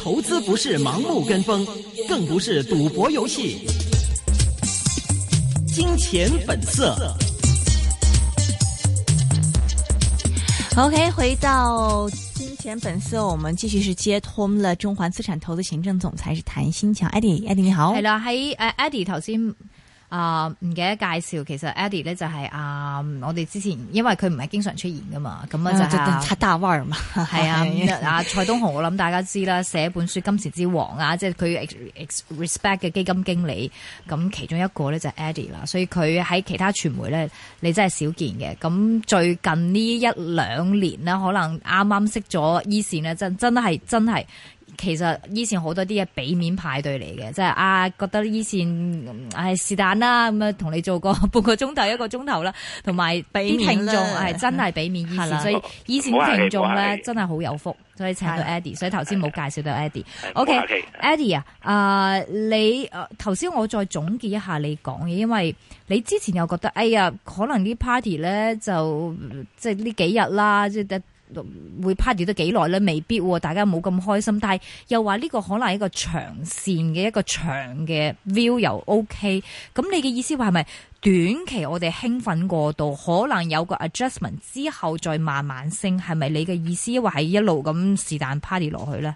投資不是盲目跟風，更不是賭博遊戲。金錢本色。OK，回到金錢本色，我們繼續是接通了中環資產投資行政總裁是譚新強，Eddie，Eddie 你好。係啦，喺誒，Eddie 頭先。 啊、嗯，唔記得介紹，其實 Eddie 咧就係、是、啊、嗯，我哋之前因為佢唔係經常出現噶嘛，咁、嗯、啊就係七大腕嘛，係啊，嗯就是、啊，啊 蔡東豪我諗大家知啦，寫一本書《金錢之王》啊，即係佢 Respect 嘅基金經理，咁其中一個咧就係 Eddie 啦，所以佢喺其他傳媒咧，你真係少見嘅。咁最近呢一兩年呢，可能啱啱識咗 E 線呢，真真係真係。其實以前好多啲嘢俾面派對嚟嘅，即係啊，覺得以前唉是但啦，咁啊同你做過半個鐘頭 一個鐘頭啦，同埋俾啲聽眾係真係俾面以前，所以以前嘅聽眾咧真係好有福，所以請到 Eddie，所以頭先冇介紹到 Eddie。OK，Eddie，okay，啊，啊你，啊，頭先我再總結一下你講嘅，因為你之前又覺得哎呀，可能啲 party 咧就即係呢幾日啦，即係。會 party 得幾耐咧？未必、喎，大家冇咁開心。但係又話呢個可能係一個長線嘅一個長嘅 view 又 OK。咁你嘅意思話係咪短期我哋興奮過度，可能有個 adjustment 之後再慢慢升？係咪你嘅意思話係一路咁是但 party 落去咧？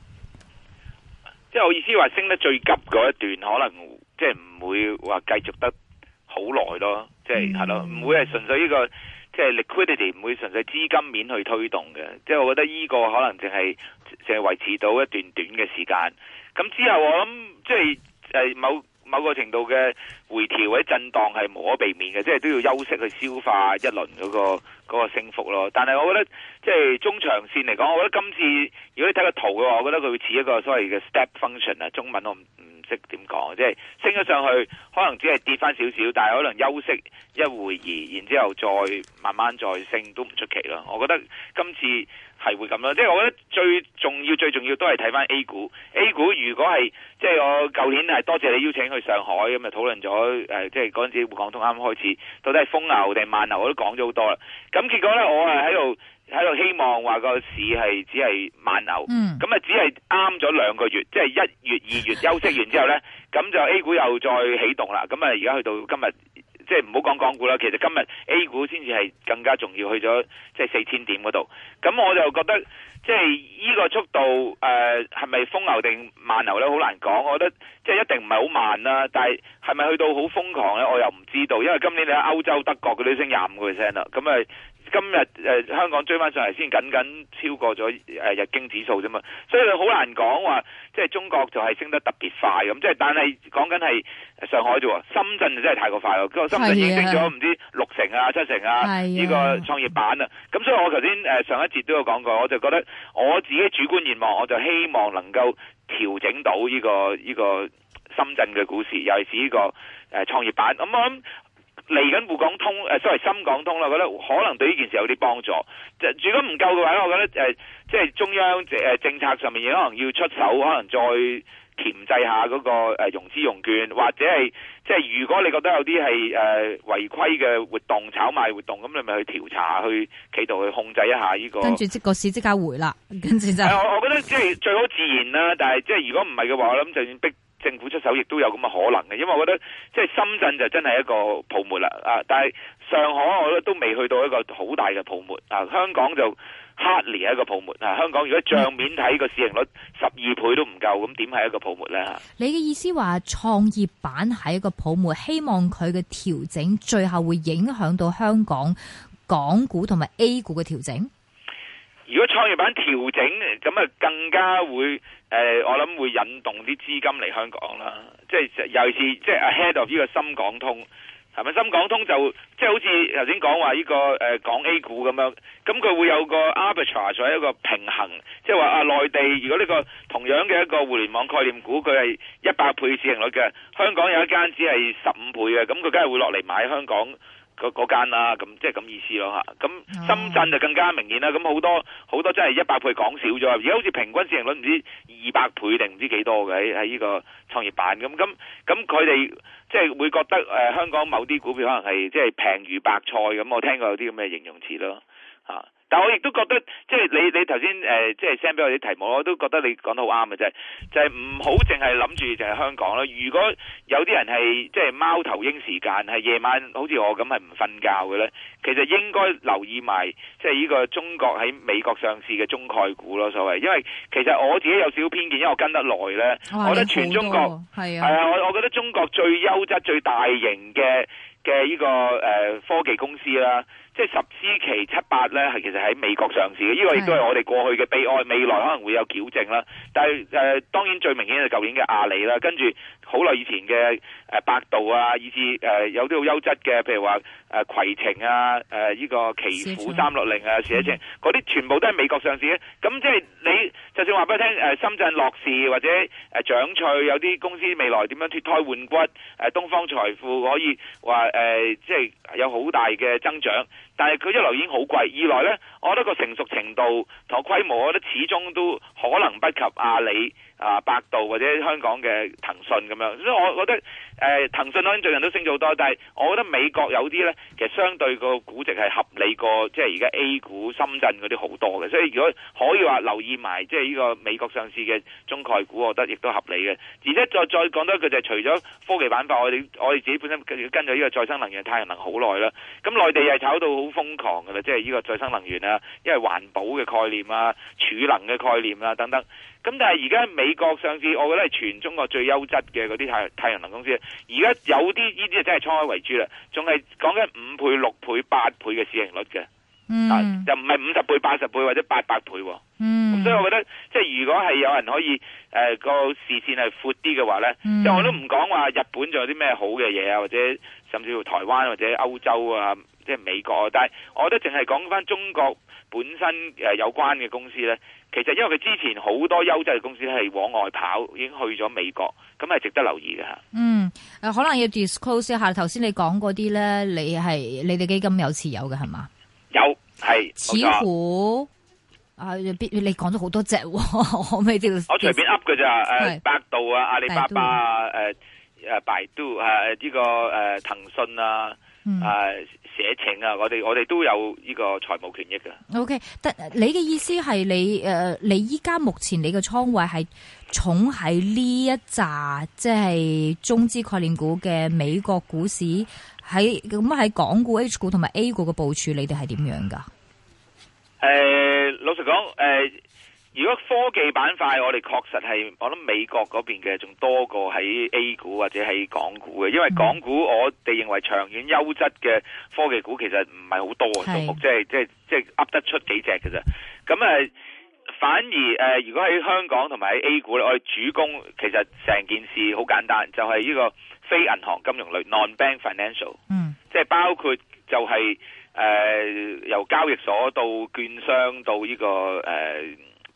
即係我意思話升得最急嗰一段，可能即係唔會話繼續得好耐咯。嗯、即係係咯，唔會係純粹呢個。即係 liquidity 唔會純粹資金面去推動嘅，即係我覺得呢個可能淨係淨係維持到一段短嘅時間，咁之後我諗即係誒某某個程度嘅。回調或者震盪係無可避免嘅，即係都要休息去消化一輪嗰個嗰個升幅咯。但係我覺得即係中長線嚟講，我覺得今次如果你睇個圖嘅話，我覺得佢會似一個所謂嘅 step function 啊。中文我唔唔識點講，即係升咗上去，可能只係跌翻少少，但係可能休息一會兒，然之後再慢慢再升都唔出奇咯。我覺得今次係會咁咯。即係我覺得最重要最重要都係睇翻 A 股。A 股如果係即係我舊年係多謝你邀請去上海咁啊討論咗。誒，即係嗰陣時，廣東啱開始，到底係風牛定慢牛，我都講咗好多啦。咁結果呢，我係喺度喺度希望話個市係只係慢牛，咁、嗯、啊只係啱咗兩個月，即、就、係、是、一月二月休息完之後呢，咁就 A 股又再起動啦。咁啊，而家去到今日，即係唔好講港股啦，其實今日 A 股先至係更加重要，去咗即係四千點嗰度。咁我就覺得，即係呢個速度誒，係咪風牛定慢牛呢？好難講。我覺得。即係一定唔係好慢啦、啊，但係係咪去到好瘋狂咧？我又唔知道，因為今年你喺歐洲德國佢都升廿五個 percent 啦。咁啊，今日誒香港追翻上嚟先，僅僅超過咗誒日經指數啫嘛。所以佢好難講話，即係中國就係升得特別快咁。即係但係講緊係上海啫，深圳就真係太過快咯。因為深圳已經升咗唔知六成啊、七成啊，呢個創業板啊。咁所以我頭先誒上一節都有講過，我就覺得我自己主觀願望，我就希望能夠。調整到呢、這個呢、這個深圳嘅股市，尤其是呢個誒、呃、創業板。咁、嗯、我諗嚟緊滬港通誒，所、呃、謂深港通啦，我覺得可能對呢件事有啲幫助。就如果唔夠嘅話，我覺得誒，即、呃、係、就是、中央、呃、政策上面，可能要出手，可能再。鉗制下嗰個融資融券，或者係即係如果你覺得有啲係誒違規嘅活動、炒賣活動，咁你咪去調查，去企圖去控制一下呢、這個。跟住即個市即刻回啦，跟住就係。係我，我覺得即係最好自然啦，但係即係如果唔係嘅話，我諗就算逼政府出手，亦都有咁嘅可能嘅，因為我覺得即係深圳就真係一個泡沫啦啊！但係。上海我覺得都未去到一個好大嘅泡沫啊！香港就黑年一個泡沫啊！香港如果帳面睇個市盈率十二倍都唔夠，咁點係一個泡沫呢？你嘅意思話創業板係一個泡沫，希望佢嘅調整最後會影響到香港港股同埋 A 股嘅調整。如果創業板調整，咁啊更加會誒、呃，我諗會引動啲資金嚟香港啦。即係尤其是即係 ahead of 呢個深港通。係咪深港通就即係、就是、好似頭先講話呢個誒港 A 股咁樣？咁佢會有個 arbitrage 作為一個平衡，即係話啊，內地如果呢個同樣嘅一個互聯網概念股，佢係一百倍市盈率嘅，香港有一間只係十五倍嘅，咁佢梗係會落嚟買香港。嗰間啦，咁即係咁意思咯嚇。咁深圳就更加明顯啦。咁好多好多真係一百倍講少咗，而家好似平均市盈率唔知二百倍定唔知幾多嘅，喺喺呢個創業板咁。咁咁佢哋即係會覺得誒、呃、香港某啲股票可能係即係平如白菜咁。我聽過有啲咁嘅形容詞咯、啊但我亦都覺得，即係你你頭先、呃、即係 send 俾我啲題目我都覺得你講得好啱嘅啫，就係唔好淨係諗住淨係香港囉。如果有啲人係即係貓頭鷹時間係夜晚，好似我咁係唔瞓覺嘅咧，其實應該留意埋即係呢個中國喺美國上市嘅中概股咯，所謂因為其實我自己有少少偏見，因為我跟得耐咧，我覺得全中國係啊，係啊、呃，我我覺得中國最優質、最大型嘅嘅呢個、呃、科技公司啦。即係十之期七八咧，係其實喺美國上市嘅，呢個亦都係我哋過去嘅悲哀，未來可能會有矯正啦。但係誒、呃，當然最明顯係舊年嘅阿里啦，跟住好耐以前嘅誒、呃、百度啊，以至誒有啲好優質嘅，譬如話。誒攜程啊，誒呢個奇虎三六零啊，寫程嗰啲全部都係美國上市，咁即係你就算話俾你聽，誒、啊、深圳樂視或者誒掌趣有啲公司未來點樣脫胎換骨，誒、啊、東方財富可以話誒、啊啊，即係有好大嘅增長，但係佢一來已經好貴，二來呢，我覺得個成熟程度同規模，我覺得始終都可能不及阿里。嗯啊，百度或者香港嘅騰訊咁樣，所以我覺得誒，騰訊咧最近都升咗好多。但係我覺得美國有啲呢，其實相對個估值係合理過，即係而家 A 股深圳嗰啲好多嘅。所以如果可以話留意埋，即係呢個美國上市嘅中概股，我覺得亦都合理嘅。而且再再講多一句就係、是，除咗科技板塊，我哋我哋自己本身跟住呢個再生能源、太陽能好耐啦。咁內地又係炒到好瘋狂噶啦，即係呢個再生能源啊，因為環保嘅概念啊、儲能嘅概念啊等等。咁但係而家美國上市，我覺得係全中國最優質嘅嗰啲太太陽能公司。而家有啲呢啲真係滄海為珠啦，仲係講緊五倍、六倍、八倍嘅市盈率嘅，啊又唔係五十倍、八十倍或者八百倍。咁、嗯、所以我覺得即係、就是、如果係有人可以誒個視線係闊啲嘅話咧，即、嗯、係我都唔講話日本仲有啲咩好嘅嘢啊，或者甚至乎台灣或者歐洲啊，即係美國。但係我覺得淨係講返中國。本身誒、呃、有關嘅公司咧，其實因為佢之前好多優質嘅公司係往外跑，已經去咗美國，咁係值得留意嘅嚇。嗯，誒、呃、可能要 disclose 一下頭先你講嗰啲咧，你係你哋基金有持有嘅係嘛？有係。似乎，啊，邊、啊？你講咗好多隻，可唔可以啲？我隨便噏嘅咋誒，百度啊，啊，阿里巴巴誒誒，百度誒呢個誒、啊，騰訊啊。嗯、啊，寫情啊！我哋我哋都有呢個財務權益㗎。O、okay, K，但你嘅意思係你誒，你依家目前你嘅倉位係重喺呢一紮，即、就、係、是、中資概念股嘅美國股市喺咁喺港股 H 股同埋 A 股嘅部署，你哋係點樣噶？誒、呃，老實講誒。呃如果科技板塊，我哋確實係我諗美國嗰邊嘅仲多過喺 A 股或者喺港股嘅，因為港股、嗯、我哋認為長遠優質嘅科技股其實唔係好多，數目，即係即係即係噏得出幾隻嘅啫。咁誒，反而誒、呃，如果喺香港同埋喺 A 股咧，我哋主攻其實成件事好簡單，就係、是、呢個非銀行金融類 （non-bank financial），嗯，即、就、係、是、包括就係、是、誒、呃、由交易所到券商到呢、這個誒。呃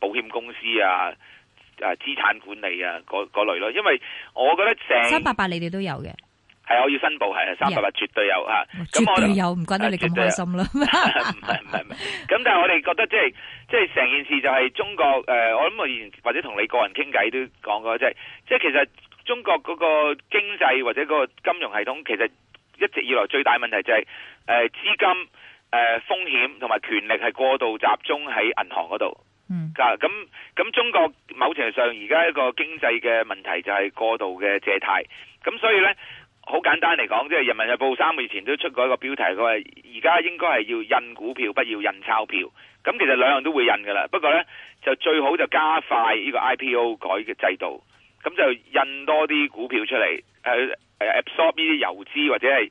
保險公司啊，誒、啊、資產管理啊，嗰類咯，因為我覺得成三八八，300, 你哋都有嘅，係我要申報，係三八八絕對有吓、啊，絕對有，唔、啊、怪得你咁開心啦。唔係唔係唔係，咁 但係我哋覺得即係即係成件事就係中國誒、呃，我諗我以前或者同你個人傾偈都講過，即係即係其實中國嗰個經濟或者嗰個金融系統，其實一直以來最大問題就係誒資金誒、呃、風險同埋權力係過度集中喺銀行嗰度。咁、嗯、咁，中國某程度上而家一個經濟嘅問題就係過度嘅借貸，咁所以呢，好簡單嚟講，即、就、係、是、人民日報三個月前都出過一個標題，佢話而家應該係要印股票，不要印鈔票。咁其實兩樣都會印噶啦，不過呢，就最好就加快呢個 IPO 改嘅制度，咁就印多啲股票出嚟，誒、呃、誒，absorb 呢啲游資或者係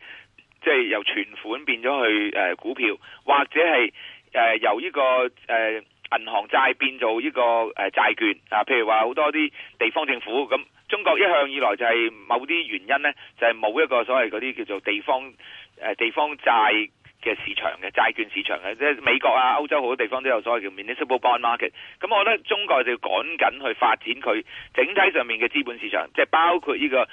即係由存款變咗去誒、呃、股票，或者係誒、呃、由呢、這個誒。呃銀行債變做呢個誒債券啊，譬如話好多啲地方政府咁，中國一向以來就係某啲原因呢，就係冇一個所謂嗰啲叫做地方誒地方債嘅市場嘅債券市場嘅，即係美國啊、歐洲好多地方都有所謂叫 municipal bond market。咁我覺得中國就要趕緊去發展佢整體上面嘅資本市場，即係包括呢個誒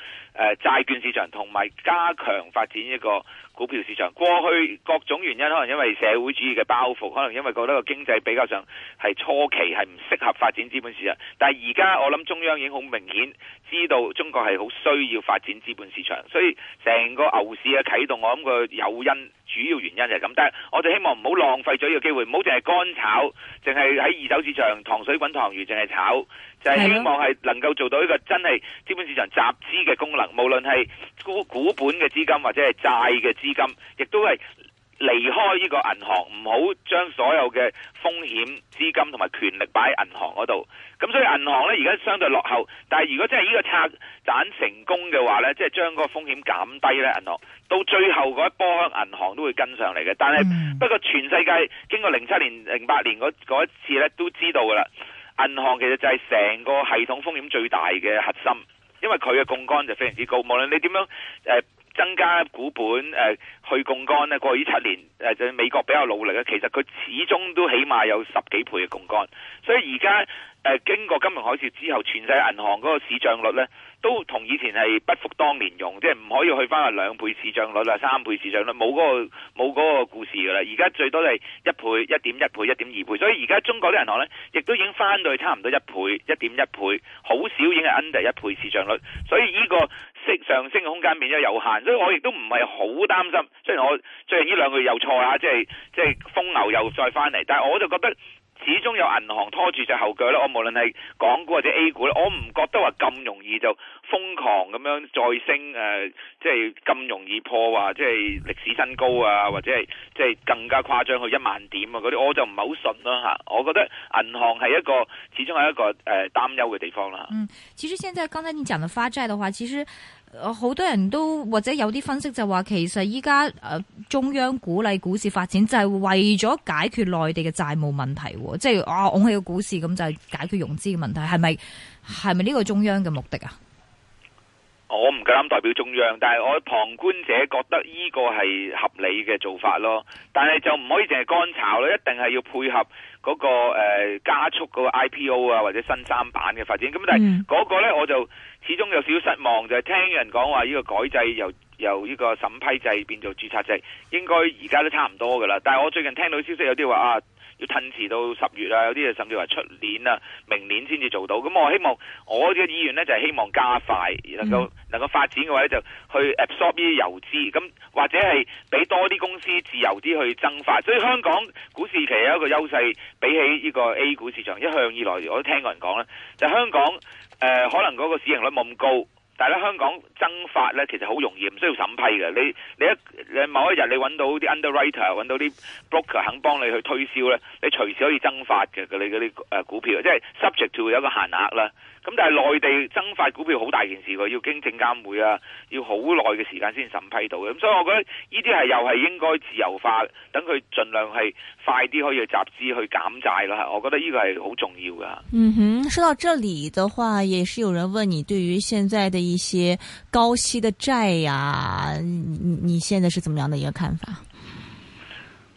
債券市場同埋加強發展一個股票市場，過去各種原因，可能因為社會主義嘅包袱，可能因為覺得個經濟比較上係初期係唔適合發展資本市場。但係而家我諗中央已經好明顯知道中國係好需要發展資本市場，所以成個牛市嘅啟動，我諗個誘因主要原因就係咁。但係我哋希望唔好浪費咗呢個機會，唔好淨係乾炒，淨係喺二手市場糖水滾糖魚，淨係炒。就係、是、希望係能夠做到一個真係資本市場集資嘅功能，無論係股股本嘅資金或者係債嘅資金，亦都係離開呢個銀行，唔好將所有嘅風險資金同埋權力擺喺銀行嗰度。咁所以銀行呢，而家相對落後，但係如果真係呢個拆彈成功嘅話呢，即、就、係、是、將那個風險減低呢，銀行到最後嗰一波銀行都會跟上嚟嘅。但係、嗯、不過全世界經過零七年、零八年嗰一次呢，都知道噶啦。銀行其實就係成個系統風險最大嘅核心，因為佢嘅槓桿就非常之高，無論你點樣誒、呃增加股本，誒、呃、去槓桿咧，過去呢七年、呃、就美國比較努力嘅，其實佢始終都起碼有十幾倍嘅槓桿，所以而家誒經過金融海嘯之後，全世界銀行嗰個市漲率呢，都同以前係不復當年勇，即係唔可以去翻去兩倍市漲率啦、三倍市漲率，冇嗰個、冇嗰個故事噶啦，而家最多係一倍、一點一倍、一點二倍，所以而家中國啲銀行呢，亦都已經翻到去差唔多一倍、一點一倍，好少已經係 under 一倍市漲率，所以呢、呢個。即上升嘅空間變咗有限，所以我亦都唔係好擔心。雖然我最近呢兩個月又錯吓，即係即係風牛又再翻嚟。但係我就覺得始終有銀行拖住隻後腳啦。我無論係港股或者 A 股咧，我唔覺得話咁容易就瘋狂咁樣再升誒、呃，即係咁容易破話即係歷史新高啊，或者係即係更加誇張去一萬點啊嗰啲，我就唔係好信啦嚇。我覺得銀行係一個始終係一個誒、呃、擔憂嘅地方啦、啊。嗯，其實現在剛才你講嘅發債嘅話，其實。好多人都或者有啲分析就話，其實依家誒，中央鼓勵股市發展，就係為咗解決內地嘅債務問題，即係我拱起個股市咁就係解決融資嘅問題，係咪係咪呢個中央嘅目的啊？我唔夠膽代表中央，但係我旁觀者覺得呢個係合理嘅做法咯。但係就唔可以淨係乾炒咯，一定係要配合嗰、那個誒、呃、加速嗰個 IPO 啊或者新三板嘅發展。咁但係嗰個咧我就。嗯始終有少少失望，就係、是、聽人講話呢個改制由由呢個審批制變做註冊制，應該而家都差唔多噶啦。但係我最近聽到消息有啲話啊。要褪遲到十月啊，有啲甚至話出年啊，明年先至做到。咁我希望我嘅意願呢，就係、希望加快，能夠能夠發展嘅話就去 absorb 呢啲油資，咁或者係俾多啲公司自由啲去增發。所以香港股市其實有一個優勢，比起呢個 A 股市場一向以來，我都聽過人講啦，就係、香港誒、呃、可能嗰個市盈率冇咁高。但係咧，香港增發咧，其實好容易，唔需要審批嘅。你你一你某一日你揾到啲 underwriter，揾到啲 broker 肯幫你去推銷咧，你隨時可以增發嘅你嗰啲呃股票，即係 subject to 有一個限額啦。咁但係內地增發股票好大件事，佢要經證監會啊，要好耐嘅時間先審批到嘅，咁所以我覺得呢啲係又係應該自由化，等佢盡量係快啲可以集資去減債啦，我覺得呢個係好重要噶。嗯哼，說到這裡的話，也是有人問你對於現在的一些高息的債呀，啊，你你現在是怎麼樣的一個看法？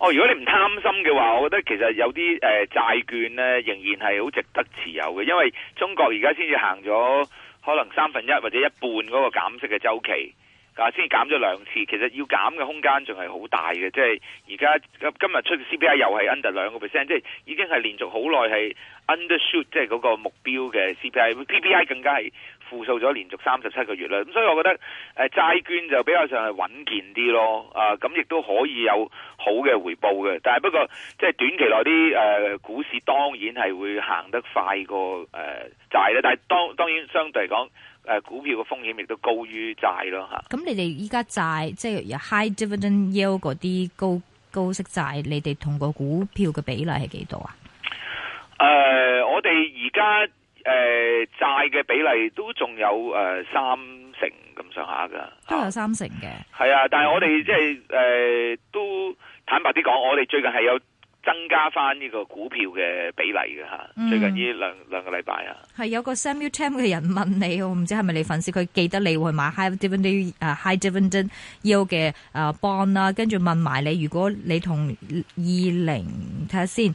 哦，如果你唔貪心嘅話，我覺得其實有啲誒、呃、債券咧仍然係好值得持有嘅，因為中國而家先至行咗可能三分一或者一半嗰個減息嘅週期，啊，先減咗兩次，其實要減嘅空間仲係好大嘅，即係而家今日出嘅 CPI 又係 under 兩個 percent，即係已經係連續好耐係 undershoot，即係嗰個目標嘅 CPI，PPI 更加係。負數咗連續三十七個月啦，咁所以我覺得誒、呃、債券就比較上係穩健啲咯，啊咁亦都可以有好嘅回報嘅，但係不過即係短期內啲誒、呃、股市當然係會行得快過誒、呃、債啦，但係當當然相對嚟講誒股票嘅風險亦都高於債咯嚇。咁你哋依家債即係有 high dividend yield 嗰啲高高息債，你哋同個股票嘅比例係幾多啊？誒、呃，我哋而家。誒、呃，債嘅比例都仲有誒、呃、三成咁上下噶，都有三成嘅。係啊，但係我哋即係誒，都坦白啲講，我哋最近係有增加翻呢個股票嘅比例㗎。吓、嗯，最近呢兩兩個禮拜啊。係有個 Samuel Chan 嘅人問你，我唔知係咪你粉絲，佢記得你會買 High Dividend 誒、uh, High Dividend Yield 嘅誒 Bond 啦，跟住問埋你，如果你同二零睇下先。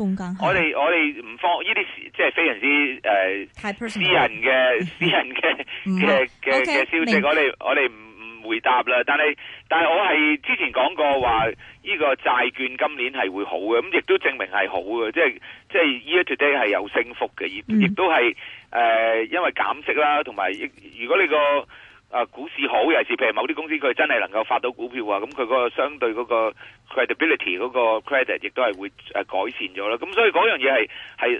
我哋我哋唔放呢啲，即係非常之誒、呃、私人嘅、mm -hmm. 私人嘅嘅嘅消息，okay, 我哋我哋唔唔回答啦。但係但係我係之前講過話，呢個債券今年係會好嘅，咁亦都證明係好嘅，即係即係 year to date 係有升幅嘅，亦亦、mm -hmm. 都係誒、呃，因為減息啦，同埋如果你個。啊，股市好尤其是，譬如某啲公司佢真係能夠發到股票啊，咁、嗯、佢個相對嗰個 credibility 嗰個 credit 亦都係會誒改善咗啦。咁、嗯、所以嗰樣嘢係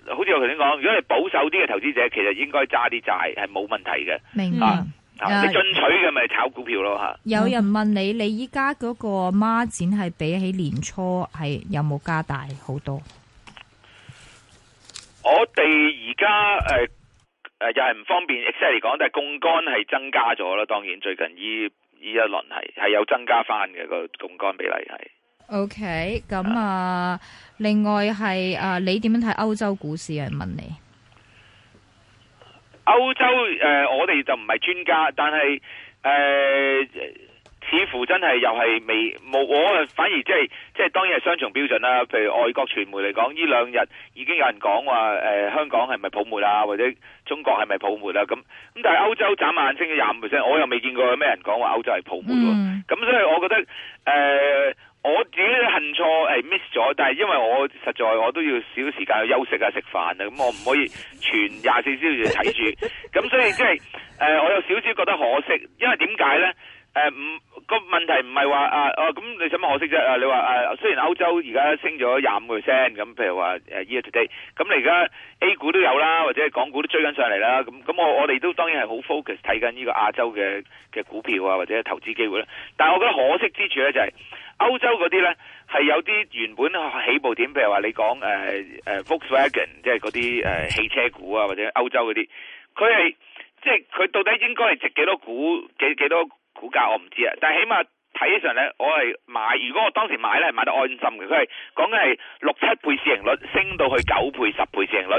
係，好似我頭先講，如果係保守啲嘅投資者，其實應該揸啲債係冇問題嘅。明白，啊啊、你進取嘅咪炒股票咯吓。有人問你，你依家嗰個孖展係比起年初係有冇加大好多？嗯、我哋而家誒。呃誒，又係唔方便。exactly 講，但係槓桿係增加咗啦。當然，最近呢一輪係係有增加翻嘅個槓桿比例係。OK，咁啊，啊，另外係誒，你點樣睇歐洲股市啊？問你歐洲誒、呃，我哋就唔係專家，但係誒。呃似乎真係又係未冇，我反而即係即係當然係雙重標準啦。譬如外國傳媒嚟講，呢兩日已經有人講話誒，香港係咪泡沫啊，或者中國係咪泡沫啊？咁，咁但係歐洲眨眼睛嘅廿五 percent，我又未見過有咩人講話歐洲係泡沫啊。咁、嗯、所以我覺得誒、呃，我自己恨錯誒 miss 咗，但係因為我實在我都要少時間去休息啊、食飯啊，咁我唔可以全廿四小時睇住。咁 所以即係誒，我有少少覺得可惜，因為點解呢？誒，唔個問題唔係話啊，哦咁你使乜可惜啫？啊，啊你話誒、啊，雖然歐洲而家升咗廿五個 percent，咁譬如話誒 year to date 咁你而家 A 股都有啦，或者係港股都追緊上嚟啦。咁咁我我哋都當然係好 focus 睇緊呢個亞洲嘅嘅股票啊，或者投資機會啦。但係我覺得可惜之處咧就係、是、歐洲嗰啲咧係有啲原本起步點，譬如話你講誒誒 Volkswagen，即係嗰啲誒汽車股啊，或者歐洲嗰啲，佢係即係佢到底應該係值幾多股，幾幾多？股價我唔知啊，但係起碼睇起上嚟，我係買。如果我當時買咧，係買得安心嘅。佢係講緊係六七倍市盈率，升到去九倍、十倍市盈率。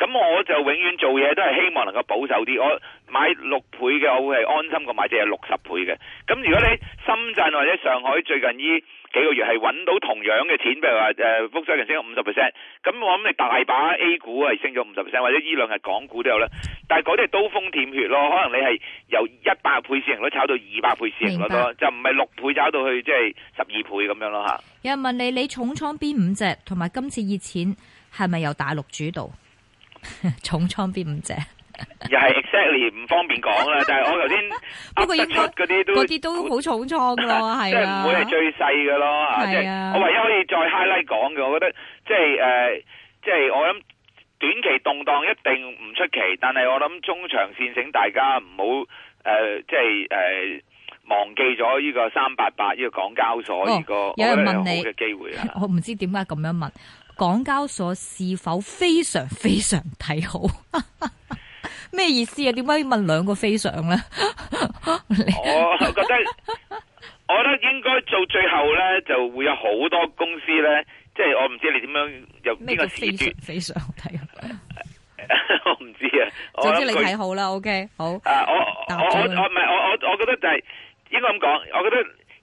咁我就永遠做嘢都係希望能夠保守啲。我買六倍嘅，我會係安心過買隻係六十倍嘅。咁如果你深圳或者上海最近依幾個月係揾到同樣嘅錢，譬如話誒，復星人升咗五十 percent，咁我諗你大把 A 股啊，係升咗五十 percent，或者依兩日港股都有咧。但係嗰啲係刀鋒舔血咯，可能你係由一百倍市盈率炒到二百倍市盈率，不是6咯，就唔係六倍炒到去即係十二倍咁樣咯嚇。有人問你，你重倉邊五隻，同埋今次熱錢係咪由大陸主導？ 重倉邊五隻？又係 exactly 唔方便講啦， 但係我頭先不過，應該嗰啲都啲都好重倉㗎喎，係 唔會係最細嘅咯嚇。係、啊就是、我唯一可以再 highlight 講嘅，我覺得即係誒，即、就、係、是呃就是、我諗。短期動盪一定唔出奇，但係我諗中長線請大家唔好誒，即係誒、呃、忘記咗呢個三八八呢個港交所呢個、哦，有冇好嘅機會啊？我唔知點解咁樣問，港交所是否非常非常睇好？咩 意思啊？點解問兩個非常咧？ 我覺得 我覺得應該做最後咧，就會有好多公司咧，即、就、係、是、我唔知你點樣有呢個視角非常非常睇好。 我唔知啊，總之你睇好啦，OK，好。啊，我我我唔係，我我我，我，我，我覺得就係應該咁講，我覺得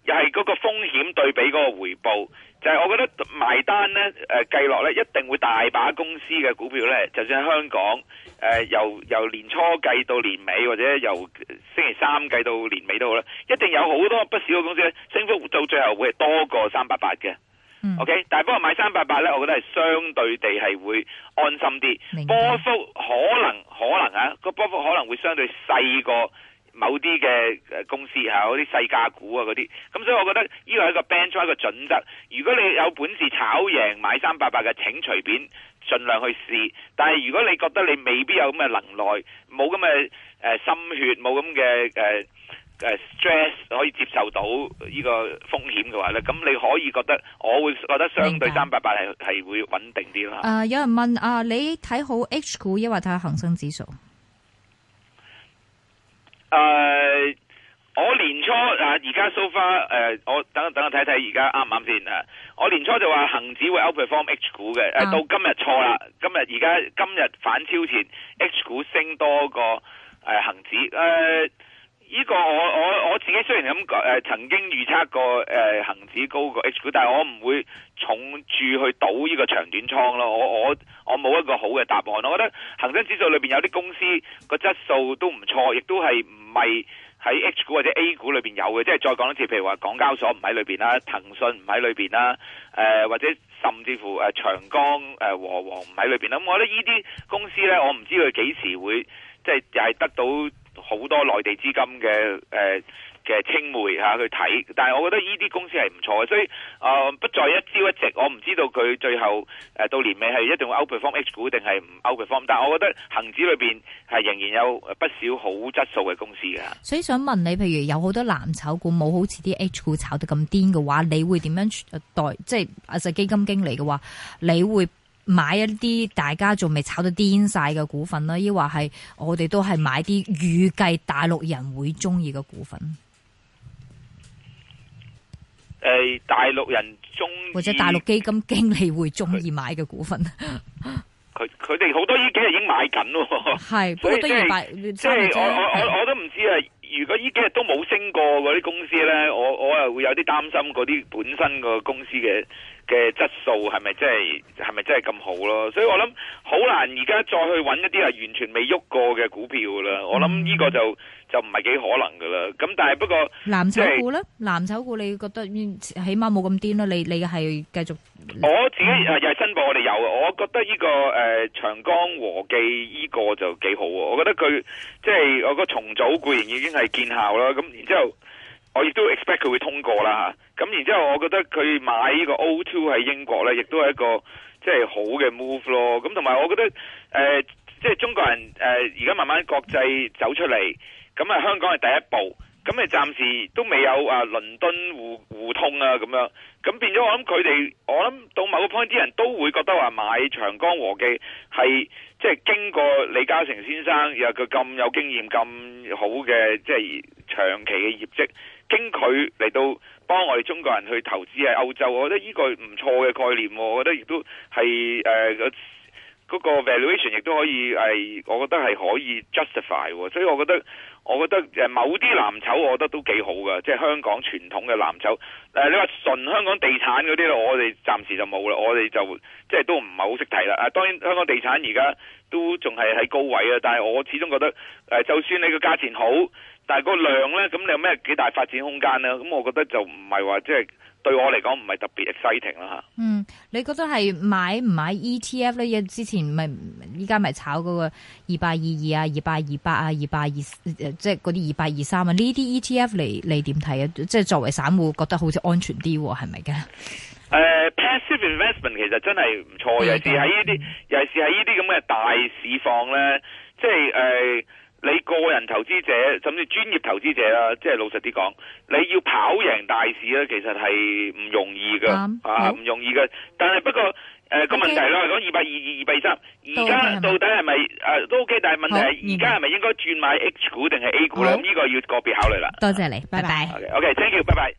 又係嗰個風險對比嗰個回報，就係、是、我覺得埋單咧誒計落咧，一定會大把公司嘅股票咧，就算喺香港誒、呃、由由年初計到年尾，或者由星期三計到年尾都好啦，一定有好多不少嘅公司咧，升幅到最後會係多過三百八嘅。o、okay, k、嗯、但係不過買三八八呢，我覺得係相對地係會安心啲，波幅可能可能啊，個波幅可能會相對細過某啲嘅公司啊，有啲細價股啊嗰啲，咁所以我覺得呢個係一個 bench 一個嘅準則。如果你有本事炒贏買三八八嘅，請隨便盡量去試。但係如果你覺得你未必有咁嘅能耐，冇咁嘅誒心血，冇咁嘅誒。呃誒、呃、stress 可以接受到呢個風險嘅話咧，咁你可以覺得我會覺得相對三八八係係會穩定啲啦。啊、呃，有人問啊、呃，你睇好 H 股，抑或睇下恒生指數？誒、呃，我年初啊，而、呃、家 so far 誒、呃，我等等下睇睇而家啱唔啱先誒。我年初就話恒指會 outperform H 股嘅，誒、呃啊、到今日錯啦、okay。今日而家今日反超前，H 股升多個誒、呃、恒指誒。呃呢、這個我我我自己雖然咁講，誒、呃、曾經預測過誒、呃、恒指高過 H 股，但係我唔會重注去賭呢個長短倉咯。我我我冇一個好嘅答案。我覺得恒生指數裏邊有啲公司個質素都唔錯，亦都係唔係喺 H 股或者 A 股裏邊有嘅。即係再講一次，譬如話港交所唔喺裏邊啦，騰訊唔喺裏邊啦，誒、呃、或者甚至乎誒長江誒、呃、和黃唔喺裏邊啦。咁、嗯、我覺得呢啲公司咧，我唔知佢幾時會即係就係得到。好多內地資金嘅誒嘅青梅嚇去睇，但係我覺得呢啲公司係唔錯嘅，所以誒不再一朝一夕，我唔知道佢最後誒到年尾係一定會 outperform H 股定係唔 outperform，但係我覺得恒指裏邊係仍然有不少好質素嘅公司嘅。所以想問你，譬如有好多藍籌股冇好似啲 H 股炒得咁癲嘅話，你會點樣代即係啊？實基金經理嘅話，你會？買一啲大家仲未炒到癲晒嘅股份啦，抑或係我哋都係買啲預計大陸人會中意嘅股份。誒、欸，大陸人中意或者大陸基金經理會中意買嘅股份。佢，佢哋好多依幾日已經買緊咯。係，不過都要買。即、就、係、是、我我我我都唔知啊！如果依幾日都冇升過嗰啲公司咧，我我又會有啲擔心嗰啲本身個公司嘅。嘅質素係咪真係係咪真係咁好咯？所以我諗好難而家再去揾一啲係完全未喐過嘅股票啦、嗯。我諗呢個就就唔係幾可能噶啦。咁但係不過、嗯、藍籌股啦，藍籌股你覺得起碼冇咁癲啦，你你係繼續？我自己、嗯、又係申報，我哋有。我覺得呢、呢個誒、呃、長江和記呢個就幾好喎。我覺得佢即係我個重組固然已經係見效啦。咁然之後。我亦都 expect 佢會通過啦。咁然之後，我覺得佢買呢個 O2 喺英國呢，亦都係一個即係好嘅 move 咯。咁同埋，我覺得誒、呃，即係中國人誒，而、呃、家慢慢國際走出嚟，咁啊，香港係第一步。咁誒，暫時都未有啊，倫敦互互通啊，咁樣。咁變咗，我諗佢哋，我諗到某個 point，啲人都會覺得話買長江和記係即係經過李嘉誠先生又佢咁有經驗、咁好嘅即係長期嘅業績。經佢嚟到幫我哋中國人去投資喺歐洲，我覺得呢個唔錯嘅概念，我覺得亦都係誒嗰個 valuation 亦都可以係，我覺得係可以 justify。所以我覺得，我覺得誒某啲藍籌，我覺得都幾好噶，即係香港傳統嘅藍籌。誒，你話純香港地產嗰啲咧，我哋暫時就冇啦，我哋就即係都唔係好識睇啦。當然香港地產而家都仲係喺高位啊，但係我始終覺得誒，就算你個價錢好。但係個量咧，咁你有咩幾大發展空間咧？咁我覺得就唔係話即係對我嚟講唔係特別 exciting 啦，吓。嗯，你覺得係買唔買 ETF 咧？之前唔係依家，咪炒嗰個二八二二啊、二八二八啊、二八二即係嗰啲二八二三啊？呢啲 ETF 嚟，你點睇啊？即係作為散戶覺得好似安全啲係咪嘅？誒，passive investment 其實真係唔錯，尤其是喺呢啲，尤其是喺呢啲咁嘅大市況咧，即係誒。呃嗯你個人投資者甚至專業投資者啦，即係老實啲講，你要跑贏大市咧，其實係唔容易嘅，um, 啊唔、no. 容易嘅。但係不過誒個、呃、問題如果二百二二二百二三，而、okay. 家、okay, 到底係咪誒都 OK，但係問題係而家係咪應該轉買 H 股定係 A 股咧？呢、okay. 個要個別考慮啦。多謝你，拜拜。OK，thank you，拜拜。